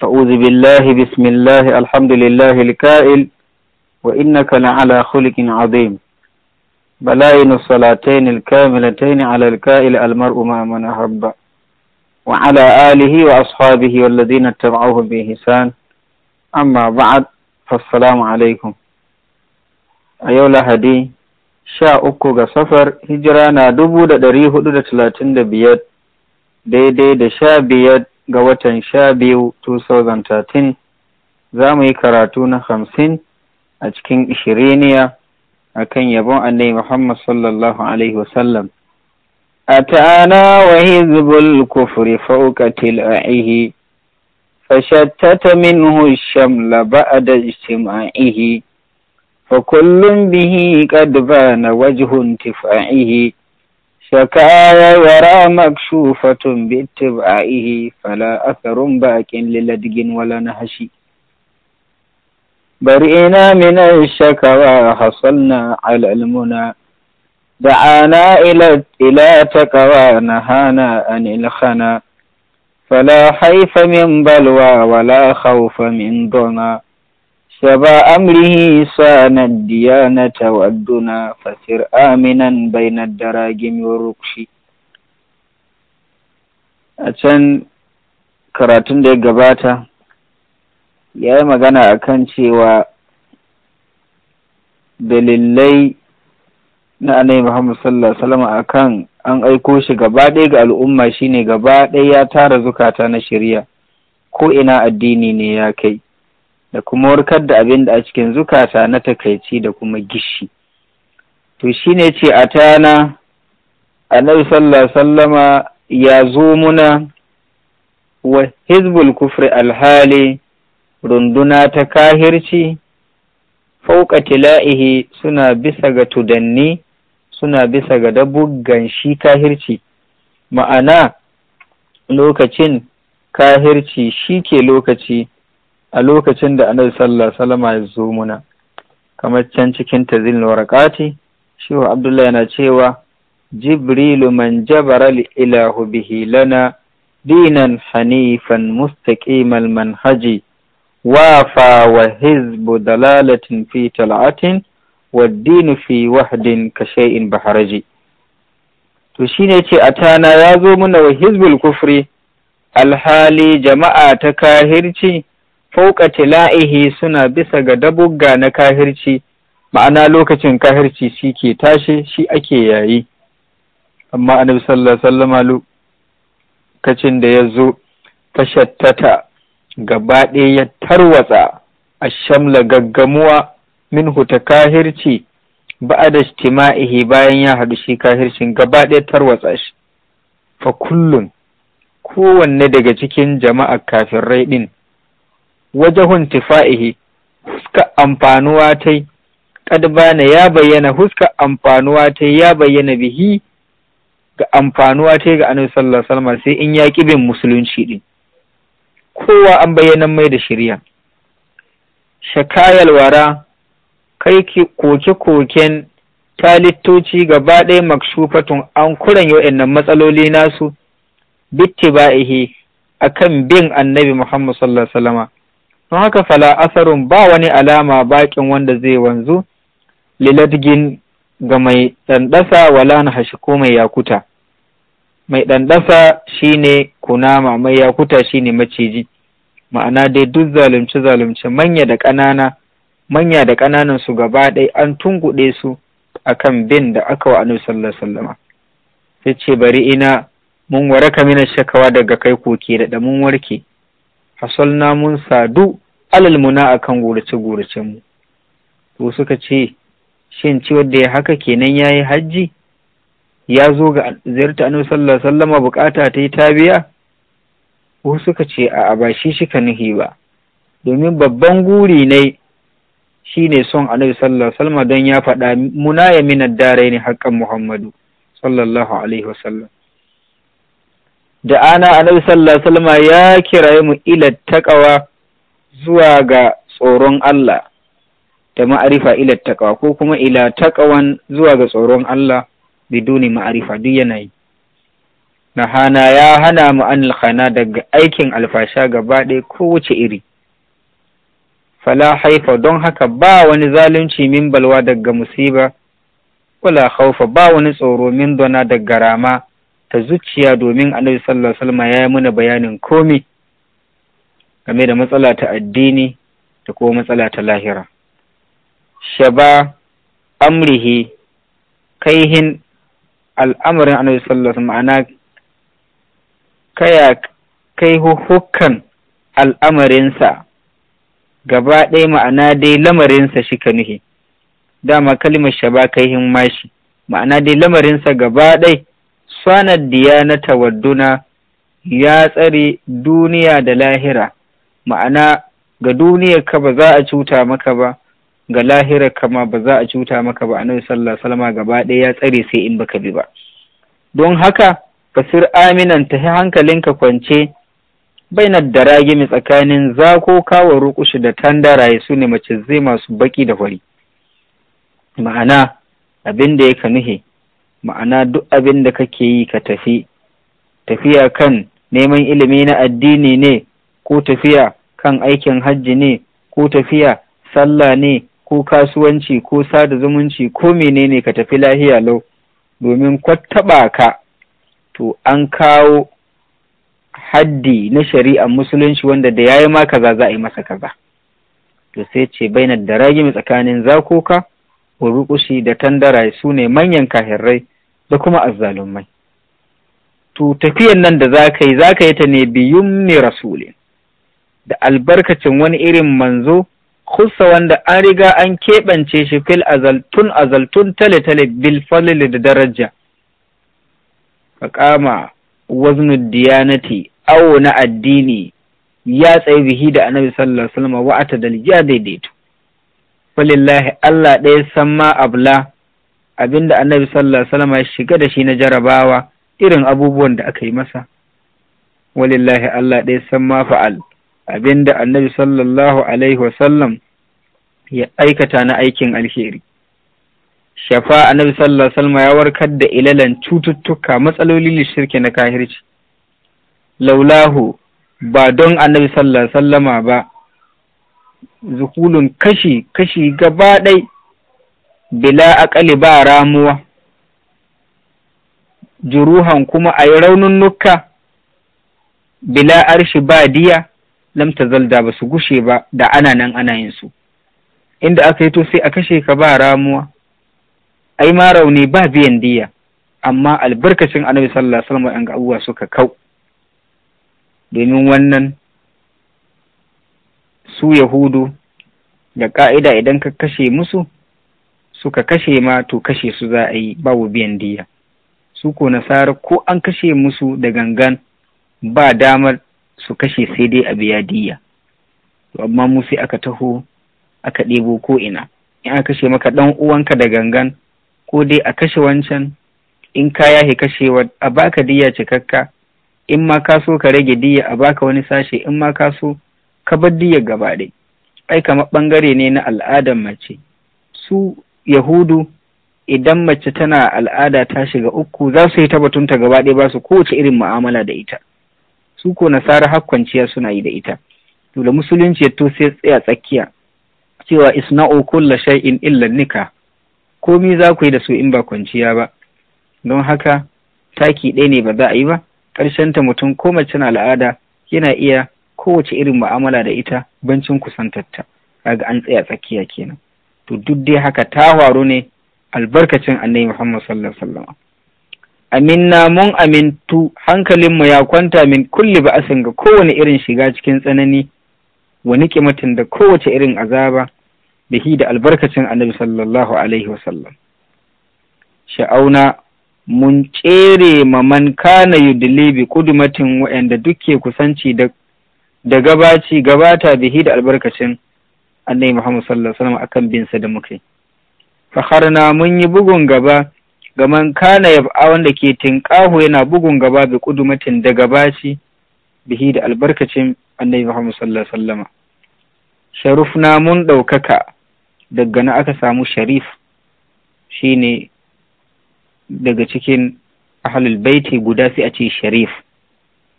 فأوذ بالله بسم الله الحمد لله الكائل وإنك لعلى خلق عظيم بلاين الصلاتين الكاملتين على الكائل المرء ما من أحب وعلى آله وأصحابه والذين اتبعوهم بإحسان أما بعد فالسلام عليكم أيها هدي sha uku ga safar hijira na dubu da ɗari hudu da talatin da biyar daidai da sha biyar ga watan sha biyu 2013 za mu yi karatu na hamsin a cikin ishiriniya a kan yabon annai muhammad sallallahu alaihi wasallam a ta'ana wa hizbul kufri fauƙatil a'ihi fashattata minhu shamla ba'da ijtima'ihi fa kullum bihi qad bana wajhun tifa'ihi شكايا يرى مكشوفة باتباعه فلا أثر باك للدق ولا نهشي برئنا من الشكوى حصلنا على المنى دعانا إلى إلى تقوى نهانا عن الخنا فلا حيف من بلوى ولا خوف من ضنا سبا أمره صان Fasir Aminan bai آمنا بين الدراجم A can karatun da ya gabata ya yi magana a kan cewa dalilai na annabi Muhammad sallallahu alaihi wasallam akan an aiko shi gaba ɗaya ga al'umma shine gaba ɗaya ya tara zukata na shari'a ko ina addini ne ya kai da kuma warkar da abin da a cikin zukata na takaici da kuma gishi to shi ne ce a tana annabi sallallahu sallama ya zo muna wa hizbul kufri alhali runduna ta kahirci fauka tila'ihi suna bisa ga tudanni suna bisa ga dabuggan shi kahirci ma'ana lokacin kahirci shi ke lokaci a lokacin da annabi sallallahu alaihi wasallam ya zo muna kamar can cikin tazil warqati shehu abdullahi yana cewa jibrilu man jabara ilahu bihi lana dinan hanifan mustaqimal manhaji wafa wa hizbu dalalatin fi tal'atin waddinu fi wahdin ka shay'in baharaji to shine ce a tana ya zo muna wa hizbul kufri alhali jama'a ta kahirci fauka tila'ihi suna bisa ga dabugga na kahirci ma'ana lokacin kahirci shi ke tashe shi ake yayi amma annabi sallallahu sallama lokacin da ya zo tashattata gaba ɗaya ya tarwatsa a shamla gaggamuwa minhu ta kahirci ba'a da shi bayan ya haɗu shi kahircin gaba ɗaya tarwatsa shi fa kullum kowanne daga cikin jama'a kafirai ɗin wajahun tifa'ihi huska amfanuwa ta bana ya bayyana huska amfanuwa ta ya bayyana bihi ga amfanuwa ta ga annabi sallallahu alaihi wasallam sai in ya bin musulunci din kowa an bayyana mai da shirya shakayal wara kai ki koke-koken talittoci gaba ɗaya makshufatun an kuran yau matsaloli nasu bittiba'ihi a kan bin annabi Muhammad sallallahu Alaihi don haka fala asarun ba wani alama bakin wanda zai wanzu liladgin ga mai ɗanɗasa wala na hashi ko mai yakuta mai ɗanɗasa shi shine kunama mai yakuta shi ne maciji ma'ana dai duk zalunce zalunce manya da ƙanana manya da ƙananan su gaba ɗaya an tunguɗe su a kan bin da aka wa annabi sallallahu alaihi wasallama sai ce bari ina mun waraka mina shakawa daga kai koke da da mun warke hasalna mun sadu alal muna akan gorace gorace mu to suka ce shin ciwon da ya haka kenan yayi hajji ya zo ga ziyarta annabi sallallahu alaihi bukata ta yi tabiya ko suka ce a ba shi shika nuhi ba domin babban guri ne shine son annabi sallallahu alaihi don ya faɗa muna ya minar darai ne haƙƙan muhammadu sallallahu alaihi wasallam da ana annabi sallallahu alaihi ya kiraye mu ila taqwa zuwa ga tsoron Allah da ma'arifa ila taqwa ko kuma ila taqwan zuwa ga tsoron Allah biduni ma'arifa duk yanayi nahana ya hana mu anil khana daga aikin alfasha gaba ɗaya wuce iri fala haifa don haka ba wani zalunci min balwa daga musiba wala haufa ba wani tsoro min dona daga rama ta zuciya domin annabi sallallahu alaihi wasallam ya yi mana bayanin komai game da matsala ta addini da kuma matsala ta lahira shaba amrihi kaihin al'amarin annabi sallallahu alaihi ma'ana kaya kai al'amarin al'amarinsa gaba ɗaya ma'ana dai lamarinsa shi ka nuhi dama kalimar shaba kaihin mashi ma'ana dai lamarinsa gaba ɗaya sanar na tawadduna, ya tsare duniya da lahira ma'ana ga duniyar ka ba za a cuta maka ba ga lahirar ka ma ba za a cuta maka ba annabi sallallahu alaihi wasallam gaba ɗaya ya tsare sai in baka bi ba don haka fasir aminan ta hankalinka kwance bainar da ragimi tsakanin zako kawo rukushi da tandaraye su ne mace zai masu baki da wari ma'ana abin da yake nuhe ma'ana duk abin da kake yi ka tafi tafiya kan neman ilimi na addini ne ko tafiya kan aikin hajji ne ko tafiya sallah ne ko kasuwanci ko sada zumunci ko menene ka tafi lahiya lau domin kwattaba ka to an kawo haddi na shari'a musulunci wanda da yayi ma kaza za a yi masa kaza to sai ce bainar da ragimi tsakanin zakoka burukushi da tandara su ne manyan kahirrai da kuma azzalumai to tafiyan nan da za ka yi za ka yi ta ne biyun ne rasulin da albarkacin wani irin manzo kusa wanda an riga an keɓance shi fil azaltun azaltun tale tale bil falili da daraja Ka kama waznu diyanati awo na addini ya tsaye bihi da annabi sallallahu alaihi wa sallam ya daidaito falillahi Allah ɗaya san ma abla abinda annabi sallallahu alaihi wasallam ya shiga da shi na jarabawa irin abubuwan da aka yi masa walillahi Allah ɗaya san ma fa'al abinda annabi sallallahu alaihi wasallam ya aikata na aikin alheri shafa annabi sallallahu alaihi wasallam ya warkar da ilalan cututtuka matsaloli shirki na kahirci laulahu ba don annabi sallallahu alaihi wasallama ba Zuhulun kashi kashi gaba ɗaya bila aƙali ba ramuwa juruhan kuma a yi raununnuka bila arshi ba diya lamta zalda ba su gushe ba da ana nan ana yinsu. inda aka yi to sai a kashe ka ba ramuwa ai ma rauni ba biyan diya amma albarkacin annabi sallallahu alaihi wasallam ga abubuwa suka kau domin wannan su yahudu da ka'ida idan ka kashe musu suka kashe ma to kashe su za a yi babu biyan diya su ko nasara ko an kashe musu da gangan ba damar su kashe sai dai a biya diya to amma mu sai aka taho aka ɗebo ko ina in aka kashe maka ɗan uwanka da gangan ko dai a kashe wancan in ka yahe kashewa a baka diya cikakka in ma ka so ka rage diya a baka wani sashe in ma ka so ka bar diya gaba ɗaya ai kamar ɓangare ne na al'adar mace su yahudu idan mace tana al'ada ta shiga uku za su yi ta gaba ɗaya ba su kowace irin mu'amala da ita su ko nasara har kwanciya suna yi da ita to da musulunci ya to sai tsaya tsakiya cewa isna'u kulla shay'in illa nika komi za ku yi da su in ba kwanciya ba don haka taki ɗaya ne ba za a yi ba ta mutum ko mace na al'ada yana iya kowace irin mu'amala da ita bancin kusantarta kaga an tsaya tsakiya kenan to duk dai haka ta faru ne albarkacin annabi Muhammad sallallahu alaihi aminna mun amintu hankalinmu ya kwanta min kulli ba'asin ga kowane irin shiga cikin tsanani wa nikimatin da kowace irin azaba bihi da albarkacin annabi sallallahu alaihi wasallam sha'auna mun tsere ma man kana yudli bi kudumatin wa'anda duke kusanci da gabaci gabata bihi da albarkacin annabi Muhammad sallallahu alaihi wasallam akan bin sa da muke fakharna mun yi bugun gaba gaman kana yab'a wanda ke tinkahu yana bugun gaba bi kudumatin daga gabaci bihi da albarkacin annabi Muhammad sallallahu alaihi wasallama sharufna mun ɗaukaka daga na aka samu sharif shine daga cikin ahlul baiti guda sai a ce sharif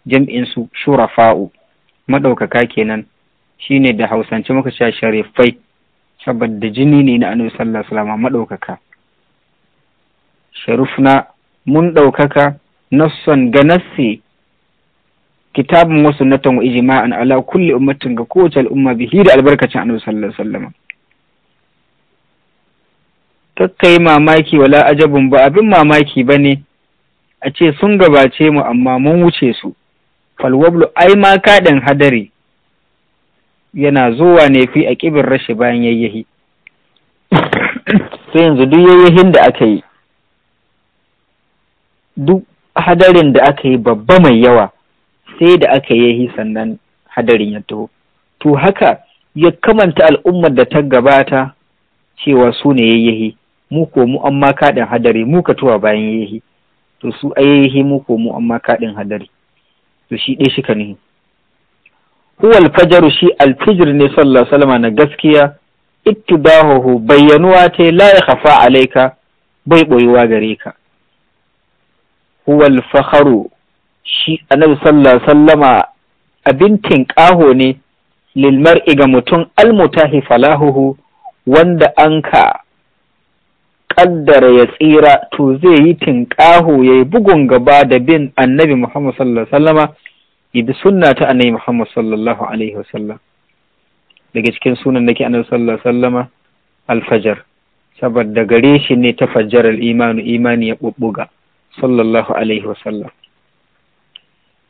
jam'in su shurafa'u maɗaukaka kenan shine da hausance muka cewa sharifai saboda jini ne na annabi sallallahu alaihi wasallam madaukaka sharufna mun ɗaukaka nasson ga nassi kitabun wasu natan wa ijma'an ala kulli ummatin ga kowace al'umma bihi da albarkacin annabi sallallahu alaihi wasallam yi mamaki wala ajabun ba abin mamaki ba ne. a ce sun gabace mu amma mun wuce su falwablu ai ma kaɗin hadari yana zuwa ne fi a ƙibin rashi bayan yayyahi sai yanzu duk yayyahin da aka yi duk hadarin da aka yi babba mai yawa sai da aka yi sannan hadarin ya taho to haka ya kamanta al'ummar da ta gabata cewa su ne yayyahi mu ko mu amma kaɗin hadari mu ka tuwa bayan yayyahi to su ayyahi mu ko mu amma kaɗin hadari to shi ɗaya shi ka nuhi. huwa fajaru shi alfijir ne sallallahu alaihi na gaskiya ittibahuhu bayyanuwa ta la ya alayka alaika bai boyuwa gare ka huwa fakharu shi annabi sallallahu sallama abin tinƙaho ne lil lilmar ga mutum almutahi falahuhu wanda an ka kaddara ya tsira to zai yi tinƙaho ya yi bugun gaba da bin annabi muhammad sallallahu wasallam bi sunna ta annabi Muhammad sallallahu alaihi wasallam daga cikin sunan nake annabi sallallahu alaihi wasallama alfajar saboda gare shi ne ta fajjar imanu imani ya bubbuga sallallahu alaihi wasallam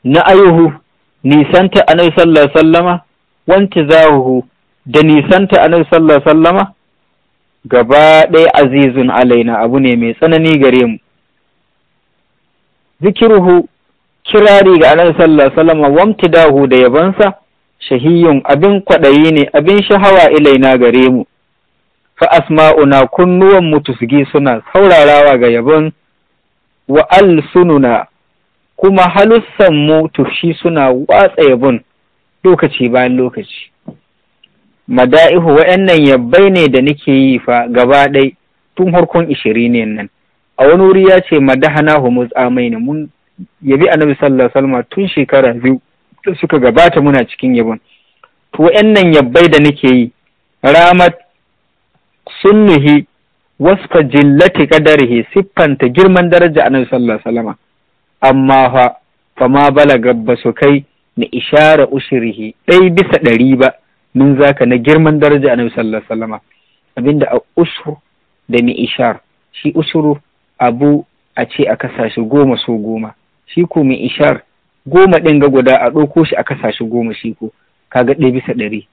na ayuhu nisanta annabi sallallahu alaihi wasallama wanti zahu da nisanta annabi sallallahu alaihi wasallama gaba ɗaya azizun alaina abu ne mai tsanani gare mu zikiruhu kirari ga annabi sallallahu alaihi wasallam wamtidahu da yabansa shahiyun abin kwaɗayi ne abin shahawa ilaina gare mu fa asma'una kunnuwan Mutusgi suna saurarawa ga yabon wa sununa kuma halussan mu tushi suna watsa yabon lokaci bayan lokaci mada'ihu wa'annan yabbai ne da nake yi fa gaba ɗaya tun harkon ishirin ne nan a wani wuri ya ce madahana hu amaini ne mun yabi annabi sallallahu alaihi wasallam tun shekara biyu da suka gabata muna cikin yabon to wayannan yabbai da nake yi ramat sunnuhi wasfa jillati qadarihi siffanta girman daraja annabi sallallahu alaihi wasallam amma fa fama balaga ba su kai na ishara ushirihi ɗai bisa ɗari ba min zaka na girman daraja annabi sallallahu alaihi wasallam abinda a usur da ni ishar shi usuru abu a ce a kasashe goma so goma shi ko mai ishar goma ɗin ga guda a ɗauko shi a kasashe goma shi ko kaga ɗaya bisa ɗari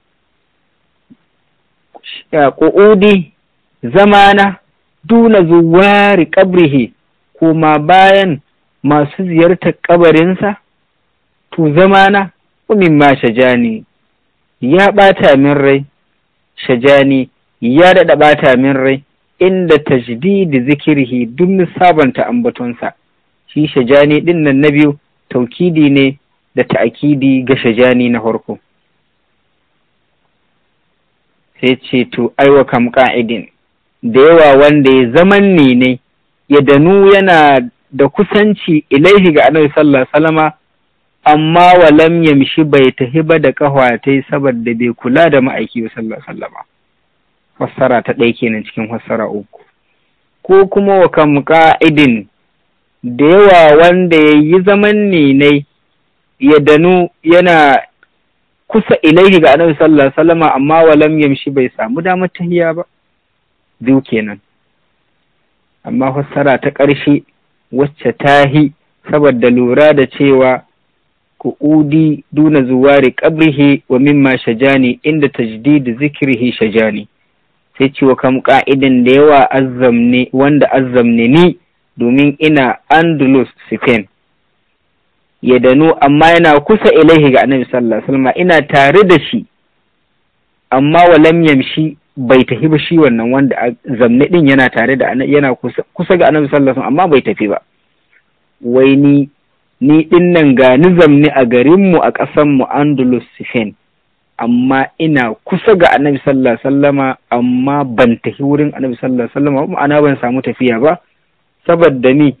zama na duna zuwari ƙabrihi ma bayan masu ziyartar ƙabarinsa to zamana umin ma shajani ya ɓata min rai shajani ya daɗa ɓata min rai inda tajdidi zikirhi duk sabanta ambatonsa shi shajani ɗin nan na biyu taukidi ne da ta'akidi ga shajani na farko sai ce to aiwa kam ka'idin da yawa wanda ya zaman ne ne ya danu yana da kusanci ilaihi ga annabi sallallahu salama amma walam yamshi bai tahi ba da kahwatai saboda bai kula da ma'aiki wa sallallahu salama fassara ta ɗaya kenan cikin fassara uku ko kuma wa kam ka'idin da yawa wanda ya yi zaman ninai ya danu yana kusa ilaihi ga annabi sallallahu alaihi wasallam amma walam yamshi bai samu damar tahiya ba biyu kenan amma fassara ta ƙarshe wacce tahi saboda lura da cewa ku'udi duna zuwari qabrihi wa mimma shajani inda tajdidi zikrihi shajani sai ce wa kam ka'idan da yawa azzamni wanda azzamni ni domin ina Andalus Spain ya danu amma yana kusa ilaihi ga annabi sallallahu alaihi wasallam ina tare da shi amma walam yamshi bai tafi ba shi wannan wanda zamne din yana tare da yana kusa, kusa ga annabi sallallahu alaihi amma bai tafi ba wai ni ni din nan ga ni zamne a garin mu a ƙasan mu Andalus Spain amma ina kusa ga annabi sallallahu alaihi wasallama amma ban tafi wurin annabi sallallahu alaihi wasallama ma'ana ban samu tafiya ba saboda ni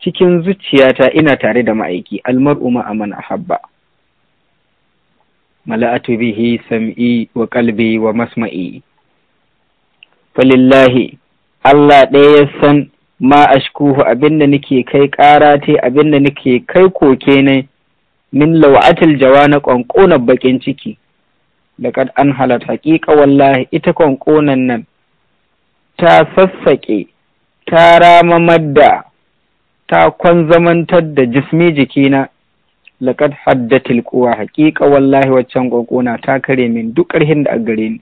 cikin zuciyata ina tare da ma'aiki almar'u ma aman ahabba mala'atu bihi sam'i wa kalbi wa masma'i falillahi Allah ɗaya ya san ma ashkuhu abinda nake kai ƙara te abinda nake kai koke ne min lawatil jawa na ƙwanƙonar baƙin ciki laƙad an halar haƙiƙa wallahi ita ƙwanƙonan nan ta sassaƙe ta ramamar da ta kwan zamantar da jismi jikina laƙad haddatil kuwa haƙiƙa wallahi waccan ƙwaƙona ta kare min duk ƙarhin da a gare ni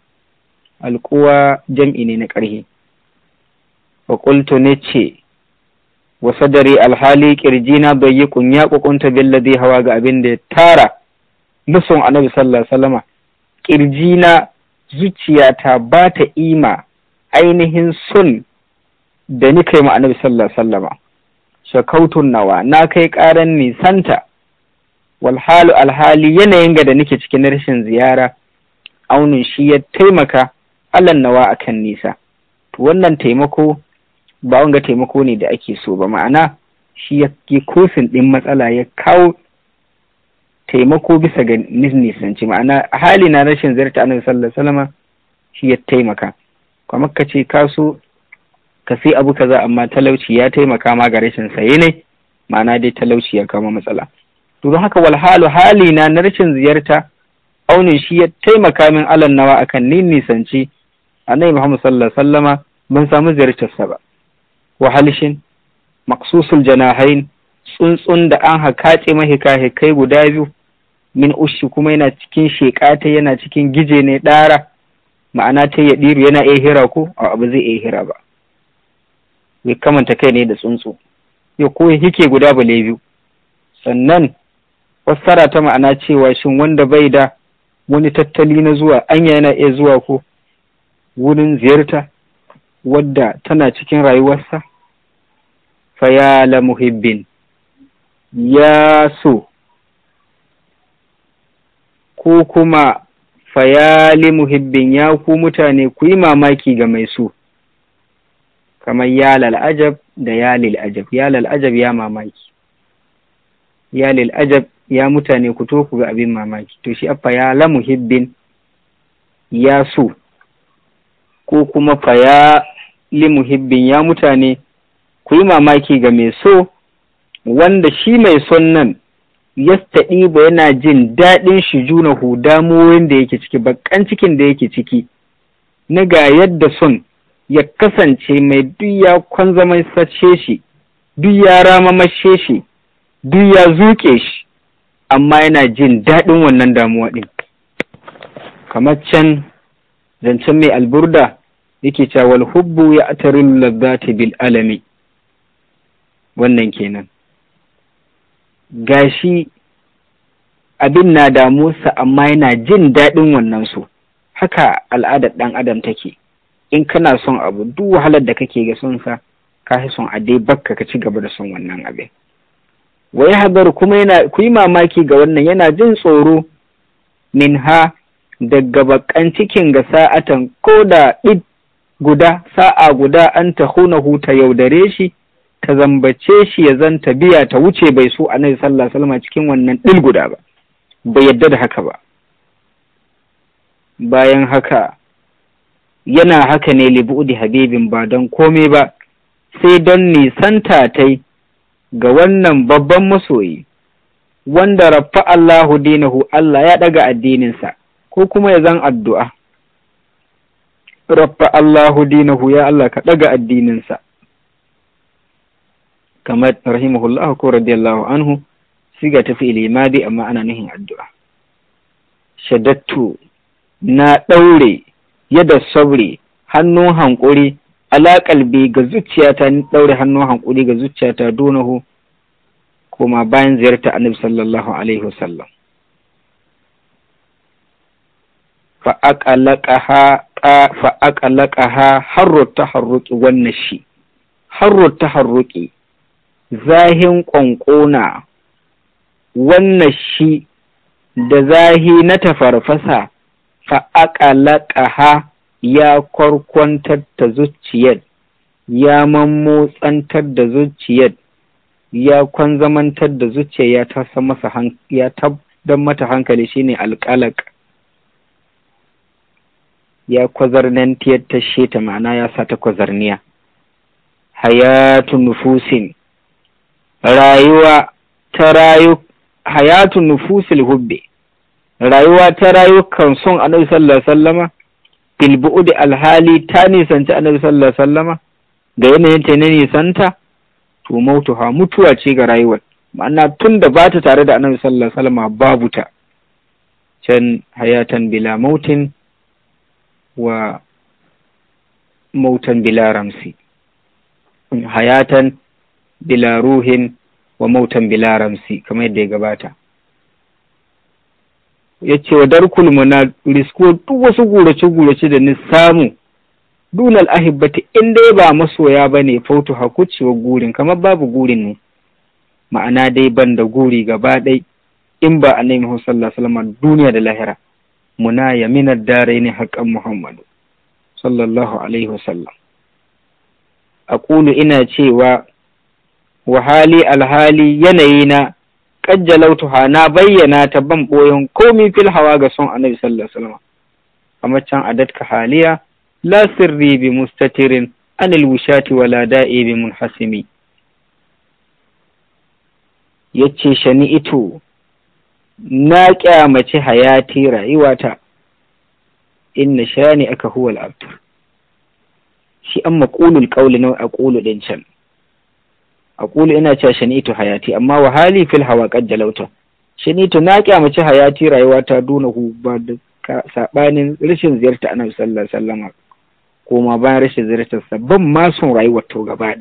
alƙuwa jam'i ne na ƙarhi wa qultu ne ce wa sadari alhali ƙirjina dayyikun ya ƙuƙunta billadhi hawa ga abin da ya tara musun annabi sallallahu alaihi wasallama ƙirjina zuciyata ba ta ima ainihin sun da ni kai annabi sallallahu sallama shakautun nawa na kai ƙaran nisanta walhalu alhali yanayin ga da nake cikin rashin ziyara aunin shi ya taimaka alan nawa akan nisa to wannan taimako ba wanga taimako ne da ake so ba ma'ana shi ya kosin ɗin matsala ya kawo taimako bisa ga nisanci ma'ana hali na rashin ziyarta annabi sallallahu alaihi wasallama shi ya taimaka kamar ka ce ka so ka sai abu kaza amma talauci ya taimaka ma ga rashin saye ne ma'ana dai talauci ya kama matsala to don haka walhalu hali na na rashin ziyarta aunin shi ya taimaka min alan nawa akan ni nisanci annabi Muhammad sallallahu alaihi ban samu ziyartar sa ba wahalishin maqsusul janahain tsuntsun da an hakace mahika kai guda biyu min ushi kuma yana cikin shekata yana cikin gije ne ɗara ma'ana ta yaɗiru yana iya hira ko a abu zai iya hira ba ya kamanta kai ne da tsuntsu ya koyi hike guda bale biyu sannan fassara ta ma'ana cewa shin wanda bai da wani tattali na zuwa anya yana iya zuwa ko wurin ziyarta wadda tana cikin rayuwarsa fayala muhibbin ya so ko kuma fayali muhibbin ya ku mutane ku yi mamaki ga mai so kamar ya lal'ajab da ya lil'ajab ya lal'ajab ya mamaki ya lil'ajab ya mutane ku to ku ga abin mamaki to shi affa ya la muhibbin ya so ko kuma fa ya li muhibbin ya mutane ku yi mamaki ga mai so wanda shi mai son nan ya ba yana jin daɗin shi juna damuwoyin da yake ciki bakan cikin da yake ciki na ga yadda son ya kasance mai duk ya sace shi duk ya ramamashe shi duk ya zuƙe shi amma yana jin daɗin wannan damuwa ɗin kamar can zancen mai alburda yake cawal hubbu ya atarin lazzati bil alami wannan kenan gashi abin na sa amma yana jin daɗin wannan su haka al'adar ɗan adam take in kana son abu duk wahalar da kake ga son sa ka fi son a dai bakka ka ci gaba da son wannan abin wai hadar kuma yana ku yi mamaki ga wannan yana jin tsoro min ha daga bakan cikin ga sa'atan ko da ɗid guda sa'a guda an ta hunahu ta yaudare shi ta zambace shi ya zanta biya ta wuce bai so annabi sallallahu alaihi cikin wannan ɗil guda ba bai yadda da haka ba bayan haka yana haka ne libu'di habibin ba don komai ba sai don nisanta tai ga wannan babban masoyi wanda rafa Allahu dinahu Allah ya ɗaga addininsa ko kuma ya zan addu'a rafa Allahu dinahu ya Allah ka ɗaga addininsa kamar rahimahullahu ko radiyallahu anhu siga ta fi'ili amma ana nuhin addu'a shadattu na ɗaure Yadda sabri hannun hankuri ala kalbi ga zuciyata ni daure hannun hankuri ga zuciyata donahu koma bayan ziyarta annabi sallallahu alaihi wasallam fa ha harru taharruqi wannan shi harru taharruqi zahin ƙwanƙona wannan shi da zahi na tafarfasa fa ha ya kwarkwantar ta zuciyar ya mammotsantar da zuciyar ya kwanzamantar da zuciyar ya tasa masa ya tabbatar mata hankali shine alqalaq ya kwazarnantiyar ta sheta ma'ana ya sa ta kwazarniya hayatun nufusin rayuwa ta rayu hayatun nufusil hubbe rayuwa ta rayukan son annabi sallallahu alaihi wasallama bil bu'di alhali ta nisanci annabi sallallahu alaihi wasallama da yanayin ta ne nisanta to mautuha mutuwa ce ga rayuwar ma'ana tun da ba ta tare da annabi sallallahu alaihi wasallama babu ta can hayatan bila mautin wa mautan bila ramsi hayatan bila ruhin wa mautan bila ramsi kamar yadda ya gabata ya ce wa darkul muna riskuwar duk wasu gurace-gurace da ni samu dunal ahibbati in dai ba masoya ba ne fautu hakuciwa gurin kamar babu gurin ne ma'ana dai ban da guri gaba ɗai in ba a nemi sallallahu alaihi duniya da lahira muna yaminar dare ne haƙan muhammadu sallallahu alaihi wasallam a ina cewa wahali alhali yanayi na qajjalautuha na bayyana ta ban boyon komi fil hawa ga son annabi sallallahu alaihi wasallam kamar can adatka haliya la sirri bi mustatirin anil wushati wala da'i bi munhasimi yace shani ito na kyamace hayati rayuwata inna shani aka huwal abtar shi an maƙulul ƙauli na aqulu din can aqulu ina cewa shani'tu hayati amma wa hali fil hawa qad jalauta shani'tu na kyamaci hayati rayuwa ta duna hu ba da sabanin rashin ziyarta annabi sallallahu alaihi wasallam koma bayan rashin ziyartar sa ban ma son rayuwar to gaba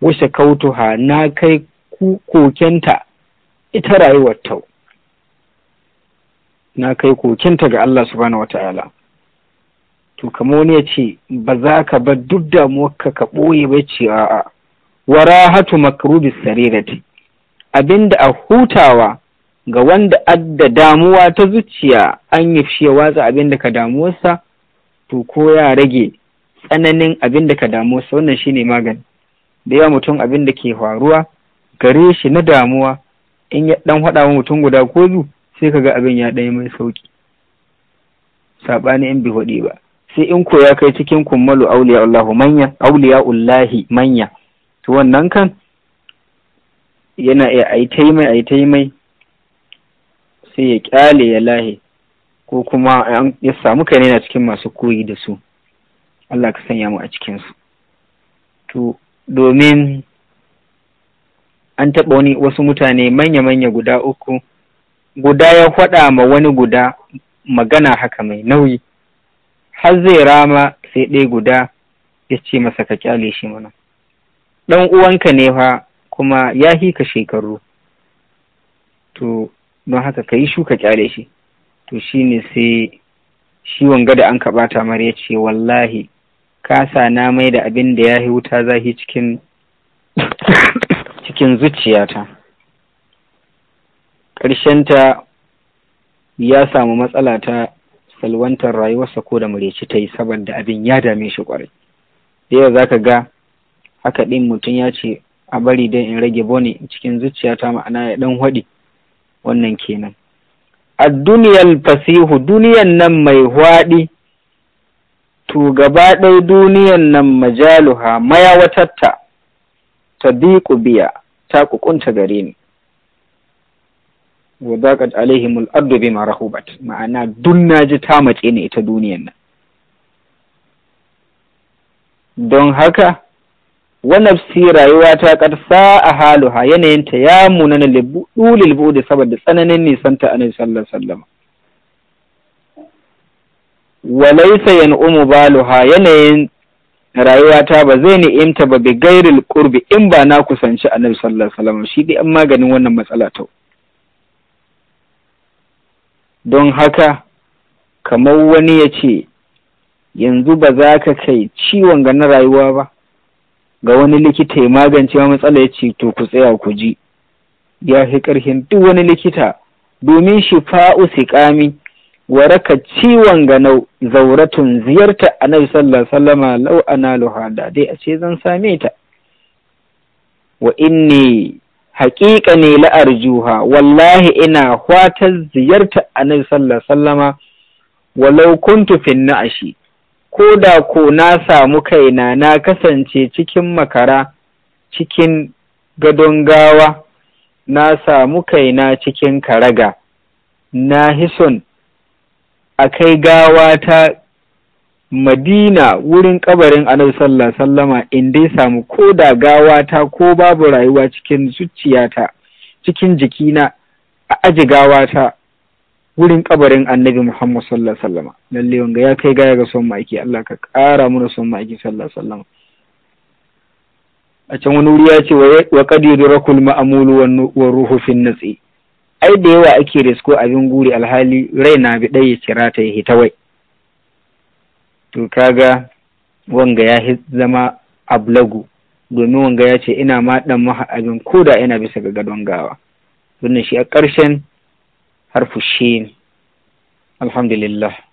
ɗaya kautu ha, na kai kokenta ita rayuwar ta na kai kokenta ga Allah subhanahu wata'ala to kamar wani ce ba za ka bar duk damuwarka ka ɓoye ba ce a'a rahatu makrubis sarirati abinda a hutawa ga wanda adda damuwa ta zuciya an yi ya watsa abinda ka damuwarsa to ko ya rage tsananin abinda ka damuwarsa wannan shine magani da yawa mutum abinda ke faruwa gare shi na damuwa in ya dan faɗa wa mutum guda ko biyu sai kaga abin ya ɗaya mai sauki saɓani in bi hudi ba sai in ko ya kai cikin kummalu auliya Allahu manya auliya manya to wannan kan yana iya yi mai yi mai sai ya kyale ya lahe ko kuma ya samu kai yana cikin masu koyi da su Allah ka sanya mu a cikinsu to domin an taɓa wani wasu mutane manya-manya guda uku guda ya faɗa ma wani guda magana haka mai nauyi har zai rama sai ɗaya guda ya ce masa ka kyale shi mana ɗan uwanka ne fa kuma ya fi ka shekaru to don haka ka yi shuka kyale shi to shi ne sai shi wanga da an kaɓata mara ya ce wallahi kasa na mai da abin da ya yi wuta zahi cikin cikin zuciyata ƙarshenta ya samu matsala ta salwantar rayuwarsa ko da mureci ta yi saboda abin ya dame shi ƙwarai. da yau ka ga haka ɗin mutum ya ce a bari dai in rage bone cikin zuciyata ma'ana ya ɗan haɗi wannan kenan a duniyar fasihu duniyan nan mai haɗi to gaba ɗaya duniyan nan majaluha mayawatarta ta diku biya ta kukunta gare ni wadaqat alaihi al-ardu ma rahubat ma'ana na ji ta mace ne ita duniyan nan don haka wa nafsi rayuwa ta karsa a haluha yanayin ta ya munana lulul bude saboda tsananin nisanta anan sallallahu alaihi wasallam wa laysa yan'umu baluha yanayin rayuwa ta ba zai ni'imta ba bi gairil qurbi in ba na kusanci anan sallallahu alaihi wasallam shi dai an maganin wannan matsala ta don haka kamar wani ya ce yanzu ba za ka kai ciwon ga na rayuwa ba ga wani likita ya magance wa matsala ya ce to ku tsaya ku ji ya fi ƙarfin duk wani likita domin shi shifa'u siƙami waraka ciwon ganau zauratun ziyarta annabi sallallahu sallama lau ana analuha da dai a ce zan same ta wa inni haƙiƙa ne la'arjuha wallahi ina hwatar ziyarta a sallallahu sallama walau kuntu fin na'ashi ko da ko na samu kaina na kasance cikin makara cikin gadon gawa na samu kaina cikin karaga na hison a kai gawa ta madina wurin kabarin annabi sallallahu sallama in dai samu ko da gawa ta ko babu rayuwa cikin zuciyata cikin jikina a aji gawa ta wurin kabarin annabi Muhammad sallallahu alaihi wasallama lalle wanga ya kai gaya ga son ma'aiki Allah ka ƙara mana son ma'aiki sallallahu alaihi wasallama a can wani wuri ya ce wa qad yudrakul ma'mulu wa ruhu fi natsi ai da yawa ake risko abin guri alhali rai na bi ɗaya cira ta yi wai. to kaga wanga ya zama ablagu domin wanga ya ce ina ma dan maha abin koda ina bisa ga gadon gawa wannan shi a ƙarshen حرف الشين الحمد لله